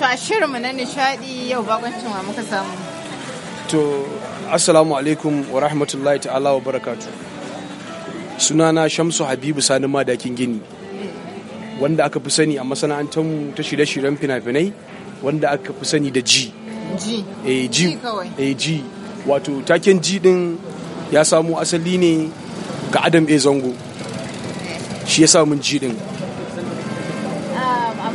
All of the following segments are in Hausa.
To a shirinmu na nishadi yau bakwancin wa muka samu. To Assalamu alaikum wa rahmatullahi ta'ala wa barakatu. Sunana Shamsu Habibu Sani Madakin Gini. Wanda aka fi sani a masana'antarmu ta shirye-shiryen fina-finai wanda aka fi sani da ji. Eh, ji. Eh, Wato taken ji din ya samo asali ne ga Adam A Zango. Shi ya samun ji din.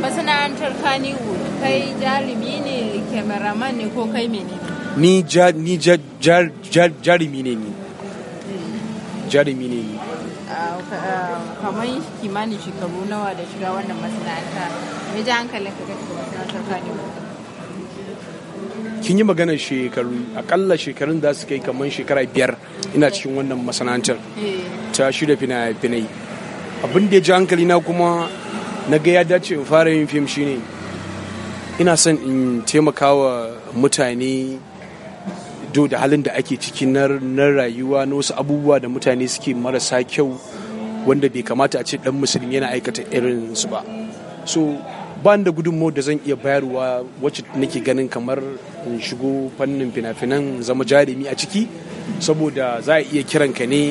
masana'antar kaniwood kai jarumi ne cameraman ne ko kai mene ni ni jarumi ne ni jarumi ne ni ah, ah, kamar kimanin shekaru nawa da shiga wannan masana'anta mai ji hankalin ka gaske masana'antar kaniwood kin yi magana shekaru akalla shekarun da su kai kamar shekara biyar ina cikin wannan masana'antar eh. ta shirya fina-finai abin da ya ji hankali na kuma na ga ya dace in fara yin fim shine ina son in taimaka wa mutane do da halin da ake ciki na rayuwa na wasu abubuwa da mutane suke marasa kyau wanda bai kamata a ce dan musulmi yana aikata irin su ba so ban da gudunmawar da zan iya bayarwa wacce nake ganin kamar in shigo fannin fina-finan zama jarumi a ciki saboda za a iya kiranka ne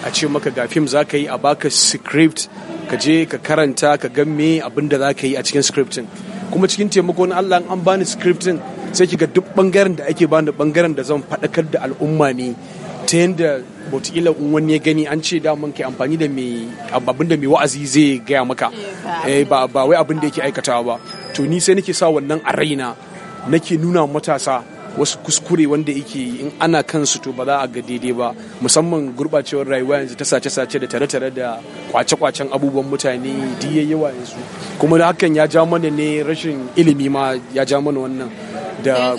a ce maka ga fim za ka yi a baka script ka je ka karanta ka ga me abin da za ka yi a cikin scripting kuma cikin taimakon Allah an bani scripting sai ki ga duk bangaren da ake bani bangaren da zan faɗakar da al'umma ne ta yadda wataƙila in wani ya gani an ce daman ke amfani da mai abin da mai wa'azi zai gaya maka eh, eh, ba wai abin da yake aikatawa ba to ni sai nake sa wannan a raina nake nuna matasa wasu kuskure wanda yake yi in ana kansu to ba za a ga daidai ba musamman gurbacewar rayuwa yanzu ta sace-sace da tare-tare da kwace-kwacen abubuwan mutane diya yawa yanzu kuma da hakan ya ja mana ne rashin ilimi ma ya ja mana wannan da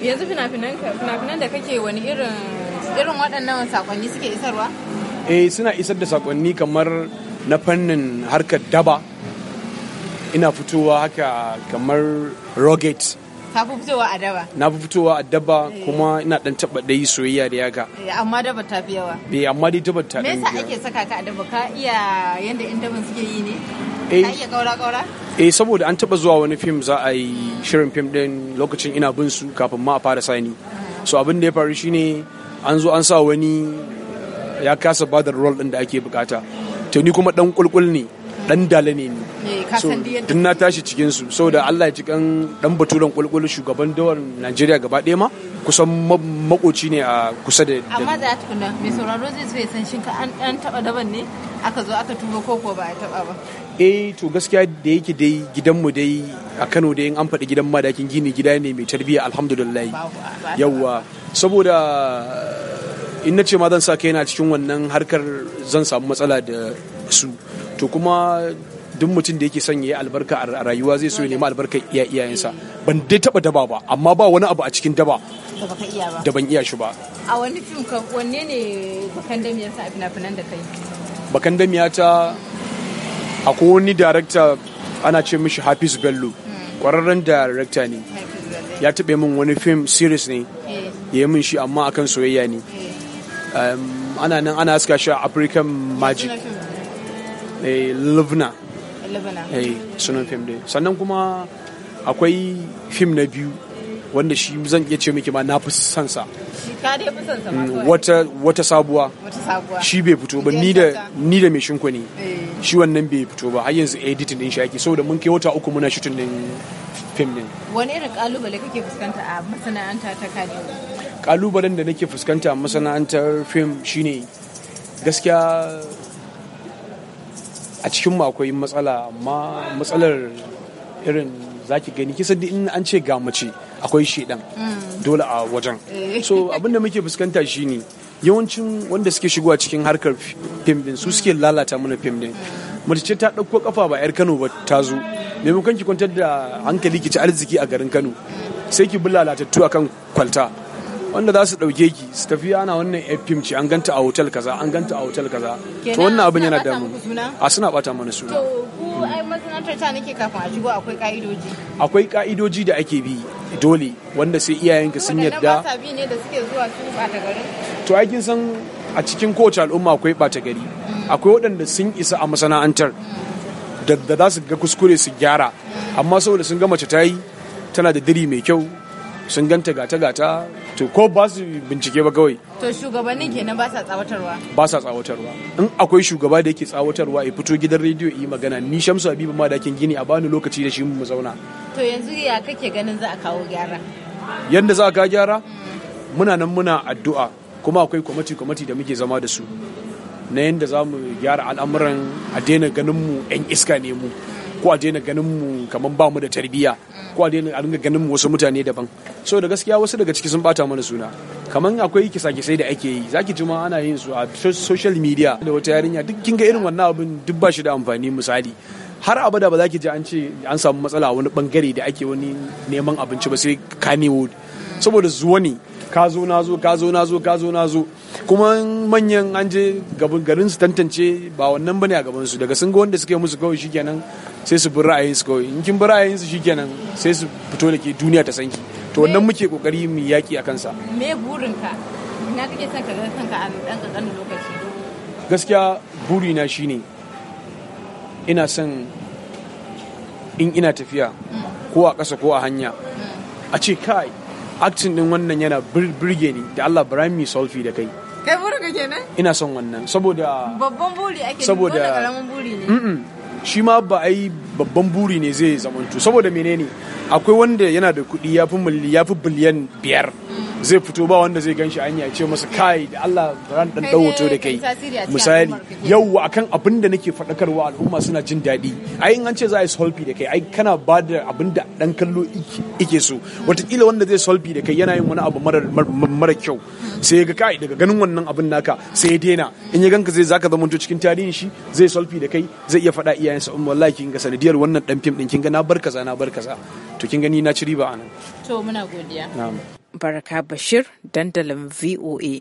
yanzu mm. fina-finan da kake wani irin irin waɗannan sakonni suke isarwa eh suna isar da sakonni kamar na fannin harkar daba ina fitowa haka kamar rocket fi fitowa a daba na fi fitowa a daba kuma ina dan taba dai soyayya da yaga eh, amma daba ta fi yawa Be eh, amma dai daba ta me yasa ake saka ka a daba ka iya yanda in daban suke yi ne ka eh, iya kaura kaura eh saboda an taba zuwa wani fim za a yi shirin fim din lokacin ina bin su kafin ma a fara sani so abin da ya faru shine an zo an sa wani ya kasa ba da role din da ake bukata Tuni ni kuma dan kulkul ne dan dala ne eh, so din na tashi cikin su saboda Allah ya ji kan dan baturan kulkul shugaban dawar Najeriya gaba ɗaya ma kusan makoci ne a kusa da amma da tukuna mai sauraro zai so san shin ka an taba daban ne aka zo aka tuba ko ko ba a taba ba eh to gaskiya da yake dai gidanmu dai a Kano dai in an faɗi gidan madakin gini gida ne mai tarbiyya alhamdulillah yawwa saboda in na ce ma zan sa kai na cikin wannan harkar zan samu matsala da su to kuma duk mutum da yake son ya yi albarka a rayuwa zai so ya nemi albarkar iya iyayensa ban dai taba daba ba amma ba wani abu a cikin daba da ban iya shi ba a wani fim ka wanne ne bakan damiyar sa abin afinan da kai bakan damiya ta akwai wani director ana ce mishi Hafiz Bello hmm. kwararren director ne ya taɓe min wani film series ne eh. ya yi min shi amma akan soyayya ne eh. ana nan ana haska shi a African Magic Eh, livna eh, sunan fim ne sannan kuma akwai fim na biyu wanda shi zan iya ce miki ma na fi sansa mm, wata wata sabuwa shi bai fito ba ni da ni da mai shinko ne eh. shi wannan bai fito ba har yanzu editing din shi ake saboda mun kai wata uku muna shooting din fim din wani irin kalubale kake fuskanta a masana'anta ta kalubalen da nake fuskanta a masana'antar fim shine gaskiya a cikin mu akwai matsala amma matsalar irin zaki gani kisa in an ce ga mace akwai shedan mm. dole a wajen eh. so abin da muke fuskanta shine yawancin wanda suke shigo a cikin harkar fim din su suke lalata mana fim din mace ce ta ɗauko kafa ba yar Kano ba ta zo maimakon ki kwantar da hankali ki ci arziki a garin Kano sai ki bi lalatattu akan kwalta wanda za su ɗauke ki su tafi ana wannan fim ce an ganta a hotel kaza an ganta a hotel kaza to wannan abin yana mun a suna bata mana suna to ku ai masana'antar ta nake kafin a shigo akwai ka'idoji akwai ka'idoji da ake bi dole wanda sai iyayenka sun yadda ba bi ne da suke zuwa su bata gari. to ai kin san a cikin kowace al'umma akwai bata gari akwai waɗanda sun isa a masana'antar da za su ga kuskure su gyara amma saboda sun ga mace ta yi tana da diri mai kyau sun ganta gata-gata to ko ba su bincike ba kawai to shugabannin kenan ba sa tsawatarwa ba sa tsawatarwa in akwai shugaba da yake tsawatarwa ya fito gidan rediyo yi magana ni shamsu habibu ma dakin gini a bani lokaci da shi mu zauna to yanzu ya kake ganin za a kawo gyara yanda za a kawo gyara muna nan muna addu'a kuma akwai kwamati kwamati da muke zama da su na yanda za mu gyara al'amuran a daina ganin mu 'yan iska ne mu ko a daina ganin mu kamar ba mu da tarbiyya ko a daina a dinga ganin mu wasu mutane daban so da gaskiya wasu daga ciki sun bata mana suna kamar akwai kisa-kisai da ake yi zaki ji ma ana yin su a social media da wata yarinya duk kin ga irin wannan abin duk ba shi da amfani misali har abada ba za ki ji an ce an samu matsala wani bangare da ake wani neman abinci ba sai kanewood saboda zuwa ne ka zo na zo ka zo na zo ka zo na zo kuma manyan an je garin su tantance ba wannan bane a gaban su daga sun ga wanda suke musu kawai shikenan sai su bi ra'ayin su kawai in kin bi ra'ayin su shikenan sai su fito da ke duniya ta sanki to wannan muke kokari mu yaki a kansa me burin ka ina kake son ka san ka an dan kankanin lokaci gaskiya burina shine ina son in ina tafiya ko a ƙasa ko a hanya mm. a ce kai acting din wannan yana birge ni da Allah Ibrahim Solfi da kai ka kenan ina son wannan saboda babban buri ake saboda karamin buri ne shi ma ba ai babban buri ne zai zamantu saboda mene ne akwai wanda yana da kuɗi ya fi biliyan biyar zai fito ba wanda zai gan shi anya ce masa kai da Allah ran dan dawoto da kai misali yau akan abin da nake faɗakarwa al'umma suna jin daɗi ai in an ce za a yi solfi da kai ai kana ba da abin da dan kallo ike so wataƙila wanda zai solfi da kai yana yin wani abu mara kyau sai ga kai daga ganin wannan abin naka sai ya daina in ya ganka zai zaka zama cikin tarihin shi zai solfi da kai zai iya faɗa iyayensa in wallahi kin ga sanadiyar bibiyar wannan dan fim din kin ga na bar kaza na bar kaza to kin gani na ci riba anan to muna godiya na'am baraka bashir dandalin voa